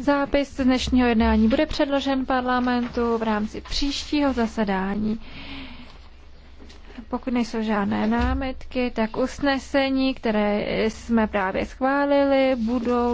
Zápis z dnešního jednání bude předložen parlamentu v rámci příštího zasedání. Pokud nejsou žádné námitky, tak usnesení, které jsme právě schválili, budou